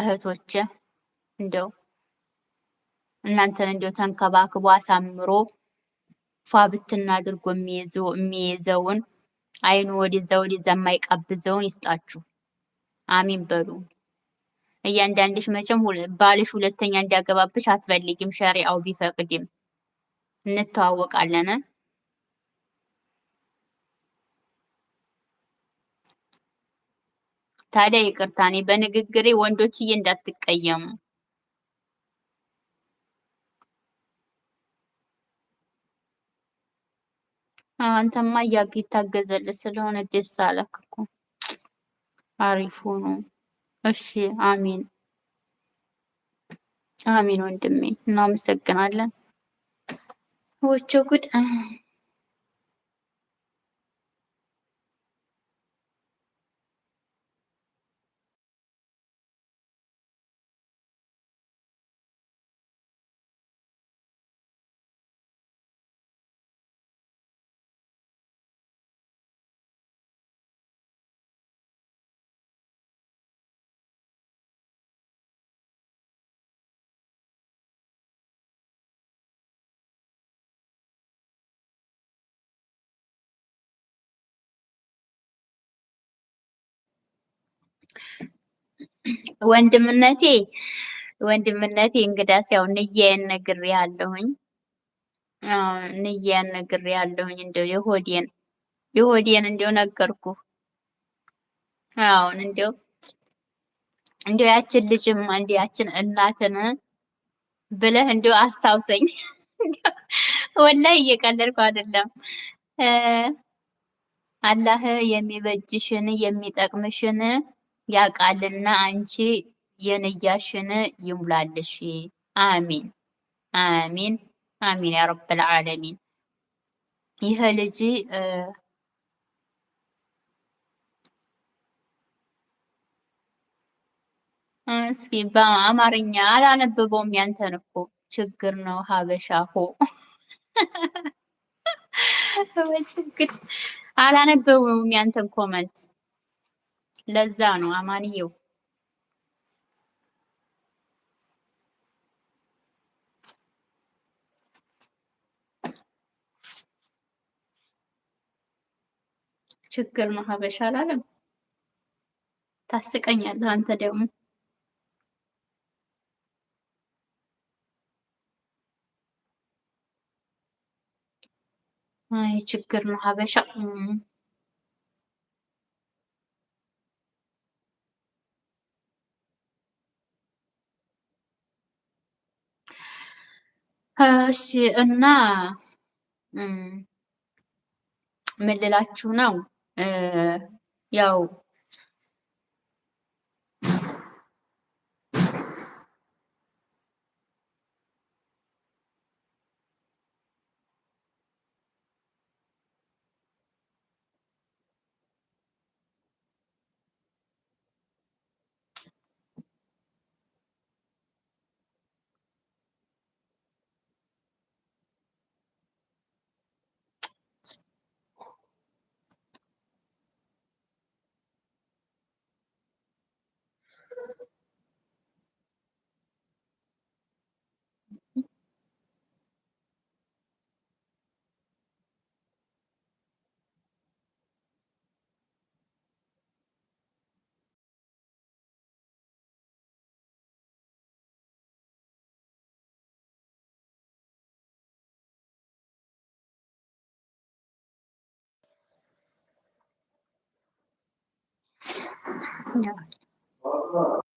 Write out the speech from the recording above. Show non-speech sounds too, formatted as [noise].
እህቶቼ እንደው እናንተን እንደው ተንከባክቦ አሳምሮ ፏ ብትና አድርጎ የሚይዘውን አይኑ ወደዛ ወደዛ የማይቀብዘውን ይስጣችሁ። አሚን በሉ። እያንዳንድሽ መቼም ባልሽ ሁለተኛ እንዲያገባብሽ አትፈልጊም፣ ሸሪአው ቢፈቅድም እንተዋወቃለን። ታዲያ ይቅርታ እኔ በንግግሬ ወንዶችዬ እንዳትቀየሙ። አንተማ እያግ ይታገዘል ስለሆነ ደስ አለክ እኮ አሪፉ ነው። እሺ አሚን አሚን፣ ወንድሜ እናመሰግናለን። ወቾ ጉድ ወንድምነቴ ወንድምነቴ እንግዳስ ያው ንያዬን ነግሬሃለሁኝ። ነግር ያለሁኝ እንደው የሆዴን የሆዴን እንደው ነገርኩ። አሁን እንደው እንደው ያችን ልጅም እንደ ያችን እናትን ብለህ እንደው አስታውሰኝ። ወላሂ እየቀለድኩ አይደለም። አላህ የሚበጅሽን የሚጠቅምሽን ያቃልና አንቺ የንያሽን ይሙላልሽ። አሚን አሚን አሚን ያ ረብል ዓለሚን። ይህ ልጅ እስኪ በአማርኛ አላነበበውም። ያንተን እኮ ችግር ነው ሀበሻ ሆ [laughs] ችግር አላነበበውም። ያንተን ኮመንት ለዛ ነው አማንየው ችግር ነው ሀበሻ አላለም። ታስቀኛለህ አንተ ደግሞ አይ ችግር ነው ሀበሻ እሺ እና ምን ልላችሁ ነው ያው nha